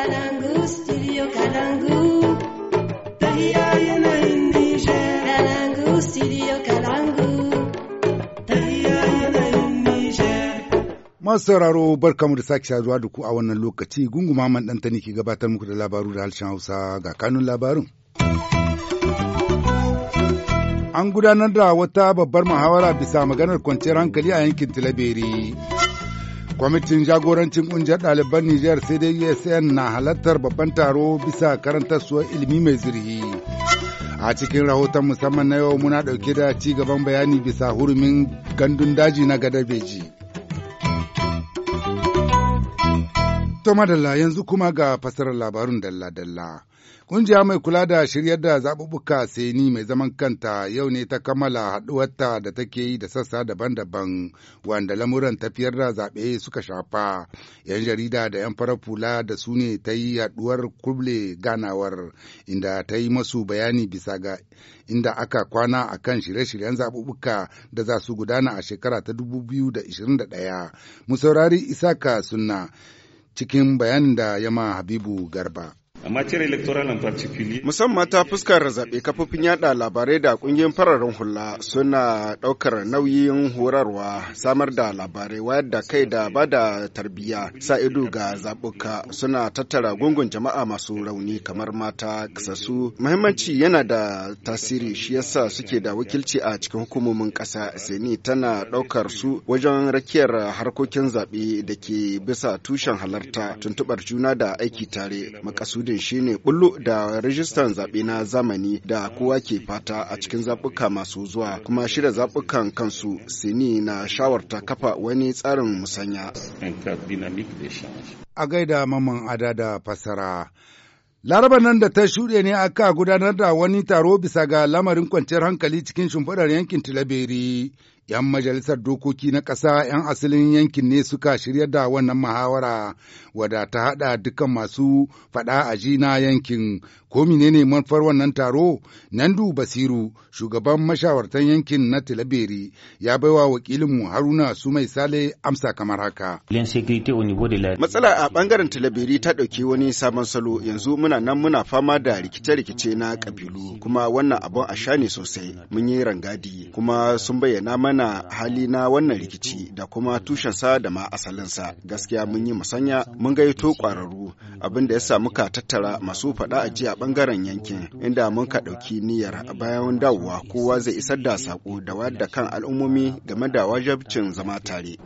Kalangu, Masu sauraro barkamu da sake saduwa da ku a wannan lokaci gunguma man ne ke gabatar muku da labaru da harshen Hausa ga kanun labarun. An gudanar da wata babbar muhawara bisa maganar kwanciyar hankali a yankin Tilaberi. kwamitin jagorancin ƙungiyar ɗaliban nijar sai dai usn e na halartar babban taro bisa suwa ilimi mai zirhi a cikin rahoton musamman na yau muna ɗauke da ci gaban bayani bisa hurumin gandun daji na Beji. to madalla yanzu kuma ga fasarar labarun dalla-dalla Ƙungiya mai kula da shiryar da zaɓuɓɓuka Seni mai zaman kanta yau ne ta kammala haɗuwarta da take yi da sassa daban-daban wanda lamuran tafiyar da zaɓe suka shafa. 'Yan jarida da 'yan farar fula da su ne ta yi haɗuwar kuble ganawar inda ta yi masu bayani bisa ga inda aka kwana a kan shirye-shiryen zaɓuɓɓuka da za su gudana a shekara ta 2021. Mu saurari Isaka Sunna cikin bayanin da Yama Habibu Garba. Musamman ta fuskar zaɓe kafofin yada labarai da ƙungiyar fararen hula suna ɗaukar nauyin horarwa, samar da labarai, wayar da kai da ba da tarbiyya, sa ido ga zaɓuka suna tattara gungun jama'a masu rauni kamar mata, kasasu. Muhimmanci yana da tasiri shi yasa suke da wakilci a cikin hukumomin ƙasa. Seni tana ɗaukar su wajen rakiyar harkokin zaɓe da ke bisa tushen halarta, tuntuɓar juna da aiki tare, makasudi Muradin shine bullo da rajistan zaɓe na zamani da kowa ke fata a cikin zaɓuka masu zuwa kuma shirya zaɓukan kansu Sini na shawarta kafa wani tsarin musanya. A gaida maman ada da fasara. Laraba nan da ta shuɗe ne aka gudanar da wani taro bisa ga lamarin kwanciyar hankali cikin shimfiɗar yankin Tilaberi, ‘Yan majalisar dokoki na ƙasa ‘yan asalin yankin ne suka shirya da wannan muhawara wadda ta haɗa dukan masu faɗa a ji na yankin. Ko menene manufar wannan taro? Nandu Basiru, shugaban mashawartan yankin na Tilaberi, ya baiwa wakilinmu Haruna su mai Sale amsa kamar haka. Matsala a ɓangaren Tilaberi ta ɗauki wani sabon salo yanzu muna nan muna fama da rikice-rikice na kabilu kuma wannan abun a sha ne sosai mun yi rangadi kuma sun bayyana mana nuna hali na wannan rikici da kuma tushensa da ma asalinsa gaskiya mun yi musanya mun gaito ƙwararru abin da ya sa muka tattara masu faɗa a jiya bangaren yankin inda mun ka ɗauki niyyar bayan dawowa kowa zai isar da saƙo da wadda kan al'ummomi game da wajabcin zama tare.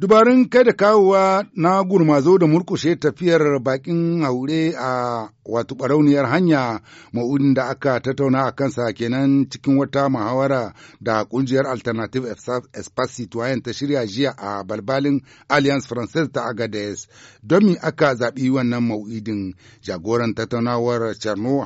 Dubarun kai da kawowa na gurmazo da murkushe tafiyar bakin haure a wato barauniyar hanya ma'udin da aka tattauna a kansa kenan cikin wata muhawara da ƙungiyar Alternative Espace Citoyen ta shirya jiya a balbalin Alliance Française ta Agades. Domi aka zaɓi wannan ma'udin jagoran tattaunawar Charno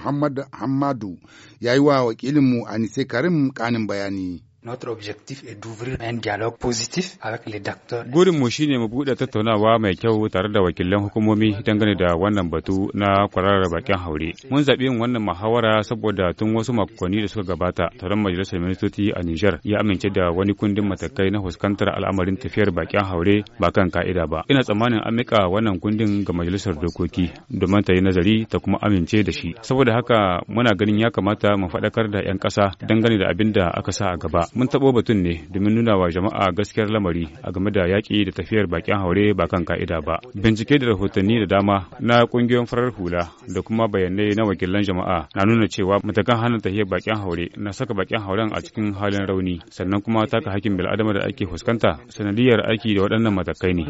Hamadu ya yi wa wakilinmu Anise Karim kanin bayani. Notre objectif est d'ouvrir un dialogue positif avec les docteurs. Gurinmu shine mu buɗe tattaunawa mai kyau tare da wakilan hukumomi dangane da wannan batu na kwararar bakin haure. Mun zaɓi yin wannan muhawara saboda tun wasu makonni da suka gabata taron majalisar ministoci a Niger ya amince da wani kundin matakai na fuskantar al'amarin tafiyar bakin haure ba kan ka'ida ba. Ina tsammanin an mika wannan kundin ga majalisar dokoki domin ta yi nazari ta kuma amince da shi. Saboda haka muna ganin ya kamata mu faɗakar da 'yan ƙasa dangane da abin da aka sa a gaba. mun taɓo batun ne domin nuna wa jama'a gaskiyar lamari a game da yaƙi da tafiyar bakin haure ba kan ka'ida ba bincike da rahotanni da dama na ƙungiyoyin farar hula da kuma bayanai na wakilan jama'a na nuna cewa matakan hana tafiyar bakin haure na saka bakin hauren a cikin halin rauni sannan kuma taka hakkin bil'adama da ake fuskanta sanadiyar aiki da waɗannan matakai ne.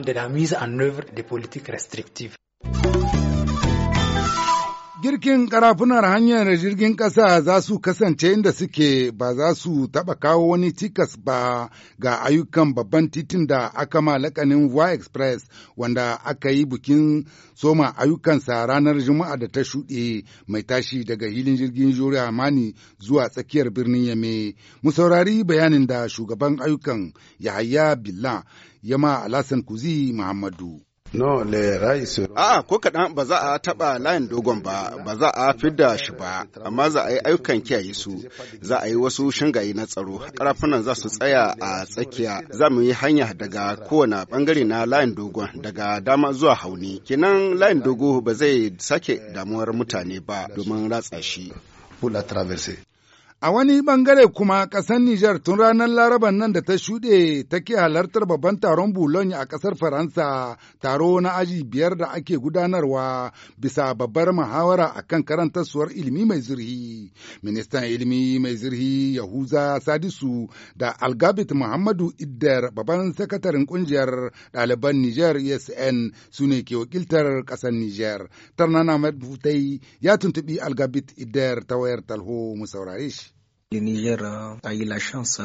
Girkin karafunar hanyar jirgin ƙasa za su kasance inda suke ba za su taɓa kawo wani cikas ba ga ayyukan babban titin da aka malakanin Voie Express wanda aka yi bukin soma ayyukansa ranar Juma'a da ta shuɗe mai tashi daga hilin jirgin Jori Amani zuwa tsakiyar birnin Yame. Mu saurari bayanin da shugaban ayyukan Yahaya Billah Yama Alasan Kuzi Muhammadu. No, le rice. A'a, ko kaɗan ba za a taɓa layin dogon ba, ba za a fidda shi ba, amma za a yi ayyukan kiyaye su, za a yi wasu shingaye na tsaro, karafunan za su tsaya a tsakiya, za mu yi hanya daga kowane bangare na layin dogon daga dama zuwa hauni. Kenan layin dogo ba zai sake damuwar mutane ba domin ratsa shi. A wani bangare kuma ƙasar Nijar tun ranar Laraban nan da ta shuɗe take halartar babban taron Boulogne a ƙasar Faransa, taro na aji biyar da ake gudanarwa bisa babbar muhawara a karanta karantarsuwar ilimi mai zurhi. Ministan ilimi mai zurhi Yahuza Sadisu da Algabit Muhammadu Idder, babban sakataren ƙungiyar ɗaliban Nijar ESN su ne ke wakiltar ƙasar Nijar. Tarnana Ahmed Butai ya tuntuɓi Algabit Idder ta wayar talho mu saurare shi. Le Niger a eu la chance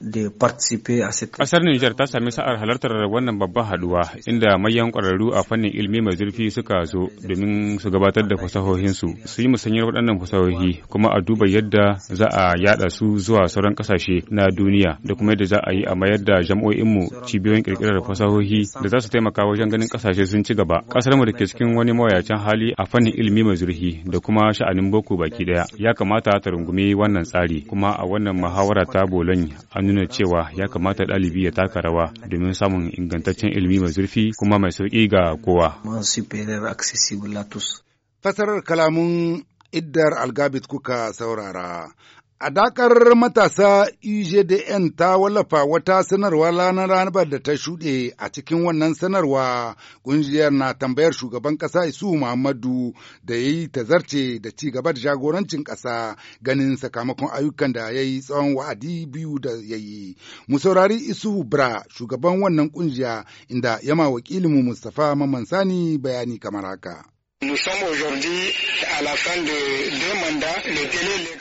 de participer à cette Kasar Niger ta sami sa'ar halartar wannan babban haduwa inda mayan kwararru a fannin ilimi mai zurfi suka zo domin su gabatar da fasahohinsu su yi musanyar waɗannan fasahohi kuma a duba yadda za a yada su zuwa sauran ƙasashe na duniya da kuma yadda za a yi a mayar da jam'o'inmu cibiyoyin kirkirar fasahohi da za su taimaka wajen ganin kasashe sun ci gaba kasar mu da ke cikin wani mawayacin hali a fannin ilimi mai zurfi da kuma sha'anin boko baki ɗaya ya kamata ta rungumi wannan tsari kuma a wannan muhawara ta bolon an nuna cewa ya kamata ɗalibi ya taka rawa domin samun ingantaccen ilimi mai zurfi kuma mai sauƙi ga kowa. Fasarar kalamun iddar algabit kuka saurara Adakar matasa EJDN ta wallafa wata sanarwa ranar ranar da ta shuɗe a cikin wannan sanarwa ƙungiyar na tambayar shugaban ƙasa Isu Muhammadu da ya yi zarce da ci gaba da jagorancin ƙasa ganin sakamakon ayyukan da ya yi tsawon wa'adi biyu da ya yi. Mu saurari Isu Bra shugaban wannan ƙungiya inda yama wakilinmu Mustapha Mamman Sani bayani kamar haka.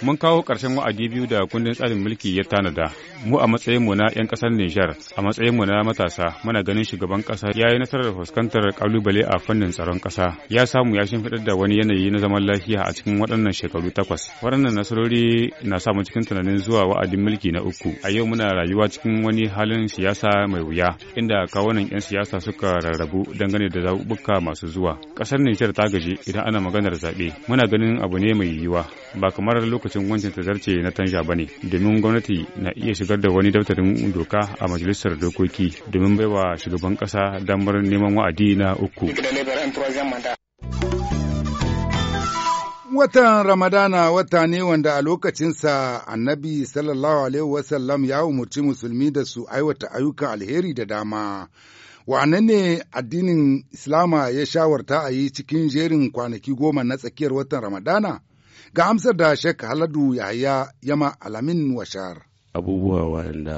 Mun kawo ƙarshen wa'adi biyu da kundin tsarin mulki ya tanada. Mu a matsayinmu na 'yan ƙasar Nijar, a matsayinmu na matasa, muna ganin shugaban ƙasa ya yi nasarar fuskantar ƙalubale a fannin tsaron ƙasa. Ya samu ya shimfiɗar da wani yanayi na zaman lafiya a cikin waɗannan shekaru takwas. Waɗannan nasarori na sa mu cikin tunanin zuwa wa'adin mulki na uku. A yau muna rayuwa cikin wani halin siyasa mai wuya, inda kawunan 'yan siyasa suka rarrabu dangane da zaɓuɓɓuka masu zuwa. Ƙasar Nijar ta gaji idan ana maganar zaɓe muna ganin abu ne mai yiwuwa ba kamar lokacin wancan tazarce na tanja ba ne domin gwamnati na iya shigar da wani daftarin doka a majalisar dokoki domin baiwa shugaban ƙasa damar neman wa'adi na uku. Watan Ramadana wata ne wanda a lokacinsa annabi sallallahu Alaihi wasallam ya umurci musulmi da su aiwata ayyukan alheri da dama, wa'annan ne addinin Islama ya shawarta a yi cikin jerin kwanaki goma na tsakiyar watan Ramadana? Ga amsar da shek Haladu Yahaya Yama Alamin Washar. abubuwa wanda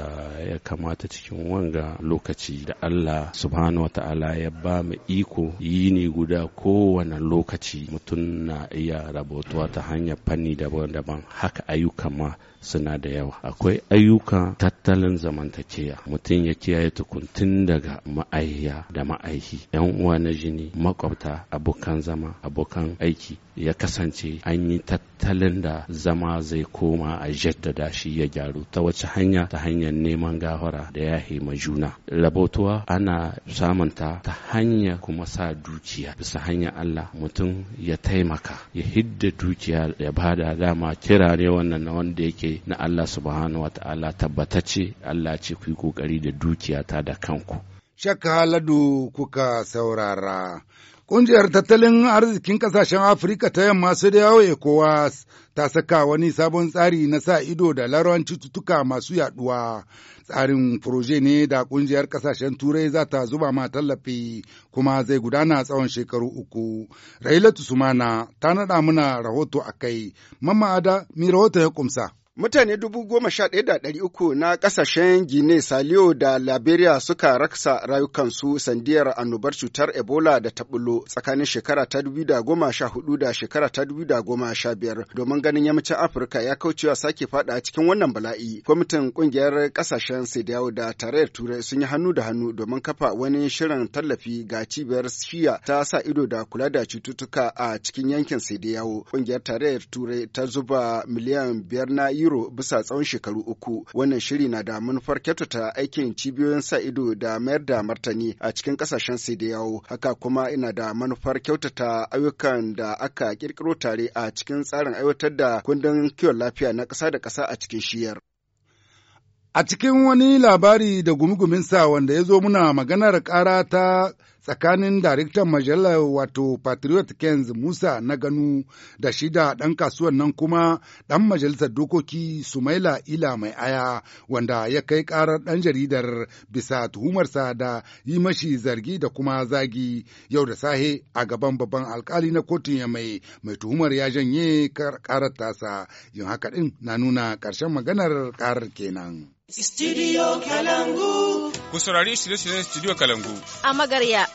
ya kamata cikin wanga lokaci da Allah subhanahu wa ta'ala ya ba mu iko yi ne guda kowane lokaci mutum na iya rabotuwa ta hanyar fanni daban-daban haka ayyukan ma suna da yawa akwai ayyuka tattalin zamantakewa mutum ya kiyaye tukuntun daga ma'aiya da ma'aihi yan uwa na jini makwabta abokan zama abokan aiki ya kasance an yi tattalin da zama zai koma a jaddada shi ya gyaru ta wace hanya ta hanyar neman gahara da ya ma juna rabotuwa ana samunta ta hanya kuma sa dukiya bisa hanyar Allah mutum ya taimaka ya hidda dukiya ya bada dama kira ne wannan na wanda yake na Allah subhanahu wa ta'ala tabbatacce Allah ce ku yi kokari da dukiyata da kanku shakka haladu kuka saurara Ƙungiyar tattalin arzikin ƙasashen Afirka ta yamma su da yawo kowa ta saka wani sabon tsari na sa ido da larawan cututtuka masu yaduwa. Tsarin furoje ne da ƙungiyar ƙasashen Turai za ta zuba ma tallafi kuma zai gudana tsawon shekaru uku. Railatu Sumana ta naɗa mana rahoto a kai, mamma ada mi rahoto ya ƙumsa. Mutane dubu goma sha ɗaya da ɗari uku na ƙasashen Gine, Saliyo da Liberia suka raksa rayukansu sandiyar annobar cutar Ebola da ta ɓullo tsakanin shekara ta dubu da goma sha hudu da shekara ta dubu da goma sha biyar domin ganin yammacin Afirka ya kaucewa sake faɗa cikin wannan bala'i. Kwamitin ƙungiyar ƙasashen Sidiyawo da tarayyar Turai sun yi hannu da hannu domin kafa wani shirin tallafi ga cibiyar Shiya ta sa ido da kula da cututtuka a cikin yankin Sidiyawo. Ƙungiyar tarayyar Turai ta zuba miliyan biyar na euro bisa tsawon shekaru uku. Wannan shiri na da manufar kyautata aikin cibiyoyin sa ido da mayar da martani a cikin kasashen sai da yawo. Haka kuma ina da manufar kyautata ayyukan da aka kirkiro tare a cikin tsarin aiwatar da kundin kiwon lafiya na ƙasa da ƙasa a cikin shiyar. A cikin wani labari da gumi sa wanda ya zo muna maganar ƙara ta tsakanin daraktan majalar wato Patriot Kenz Musa na ganu da shida ɗan kasuwan nan kuma ɗan majalisar dokoki Sumaila Ila mai aya wanda ya kai ƙarar ɗan jaridar bisa tuhumarsa da yi mashi zargi da kuma zagi yau da sahe a gaban babban alkali na kotun ya mai mai tuhumar ya janye ƙarar tasa yin haka ɗin na nuna ƙarshen maganar ƙarar kenan. Studio Kalangu. Ku saurari shirye-shiryen Studio Kalangu. A magarya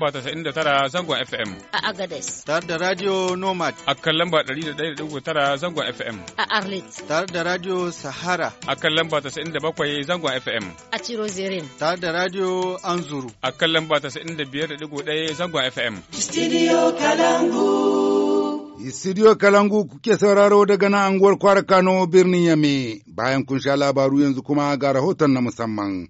lamba ta 99 zangon FM. A Agades. Tare da Radio Nomad. A kan lamba 101.9 zangon FM. A Arlit. Tare da Radio Sahara. A kan lamba ta 97 zangon FM. A Chirozirin. Tare da Radio Anzuru. A kan lamba ta 95.1 zangon FM. Studio Kalangu. Studio Kalangu kuke sauraro daga na anguwar kwara Kano birnin Yame bayan kun sha labaru yanzu kuma ga rahoton na musamman.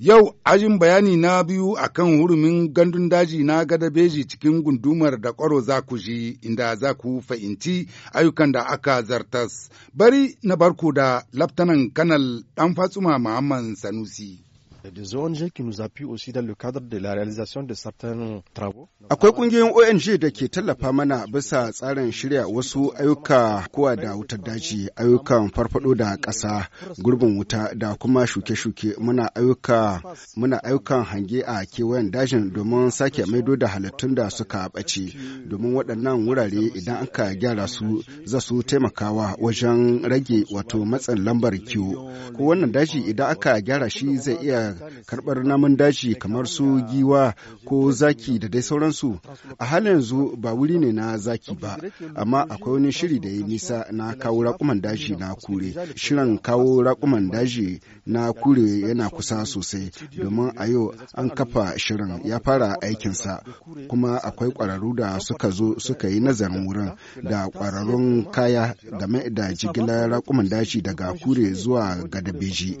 Yau ajin bayani na biyu a kan hurumin gandun daji na beji cikin gundumar da kwaro za ku ji inda za ku fahimci ayyukan da aka zartas. Bari na barku da Laftanan Kanal ɗan Fatsuma Muhammad Sanusi. des ONG qui nous appuient aussi dans le cadre de la réalisation de certains travaux. Akwai kungiyoyin ONG da ke tallafa mana bisa tsarin shirya wasu ayyuka kowa da wutar daji, ayyukan farfado da ƙasa, gurbin wuta da kuma shuke-shuke muna ayyuka muna ayyukan hange a kewayen dajin domin sake maido da halittun da suka ɓace domin waɗannan wurare idan aka gyara su za su taimakawa wajen rage wato matsin lambar kiwo. Ko wannan daji idan aka gyara shi zai iya karɓar namun daji kamar su giwa ko zaki da dai sauransu a halin yanzu ba wuri ne na zaki ba amma akwai wani shiri da ya nisa na kawo raƙuman daji na kure shirin kawo raƙuman daji na kure yana kusa sosai domin a yau an kafa shirin ya fara aikinsa kuma akwai ƙwararru da suka zo suka yi nazarin wurin da ƙwararrun kaya game da jigilar raƙuman daji daga kure zuwa beji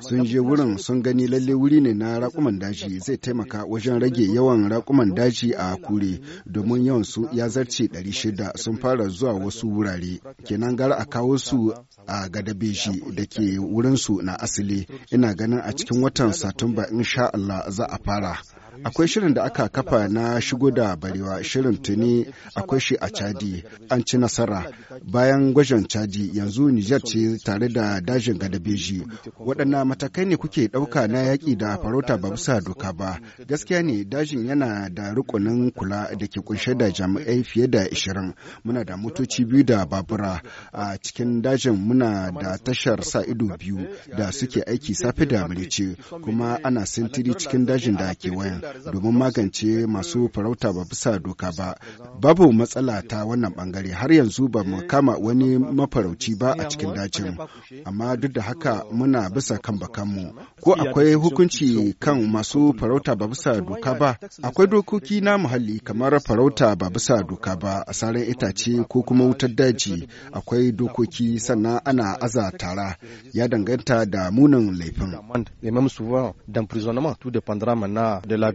sun je wurin sun gani lalle wuri ne na rakuman daji zai taimaka wajen rage yawan rakuman daji a kure domin yawan su ya zarce 600 sun fara zuwa wasu wurare kenan gara a kawo su a gada beji da ke wurinsu na asali ina ganin a cikin watan satumba insha Allah za a fara akwai shirin da aka kafa na shigo da barewa shirin tuni akwai shi a chadi an ci nasara bayan gwajin chadi yanzu nijar ce tare da dajin gadabeji waɗannan matakai ne kuke ɗauka na yaƙi da farauta ba bisa doka ba gaskiya ne dajin yana da rukunin kula da ke kunshe da jami'ai fiye da ishirin. muna da motoci biyu da babura a cikin dajin muna da tashar sa ido biyu da suke aiki safe da milice kuma ana sintiri cikin dajin da ke wayan domin magance masu farauta ba bisa doka ba babu matsala ta wannan bangare har yanzu ba mu eh, kama wani mafarauci ba a cikin dacin amma duk da haka muna bisa kan bakanmu ko akwai hukunci kan masu farauta ba bisa doka ba akwai dokoki na muhalli kamar farauta ba bisa doka ba a sarar itace ko kuma wutar daji akwai dokoki sannan ana aza tara ya danganta da munin laifin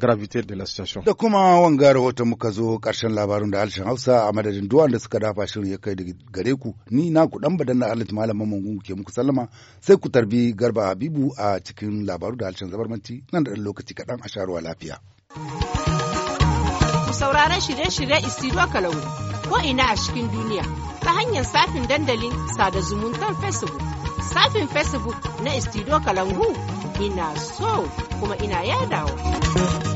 gravité de la situation. Da kuma wanga rahoton muka zo ƙarshen labarin da Alshin Hausa a madadin duwan da suka dafa shirin ya kai gare ku ni na ku dan badan na Alit Malam Mamungu ke muku sallama sai ku tarbi Garba Habibu a cikin labaru da Alshin Zabarmanti nan da ɗan lokaci kaɗan a sharuwa lafiya. Ku sauraron shirye-shirye Istiro Kalau ko ina a cikin duniya ta hanyar safin dandalin sada zumuntar Facebook. Safin Facebook na Istiro Kalangu ina so kuma ina yadawa.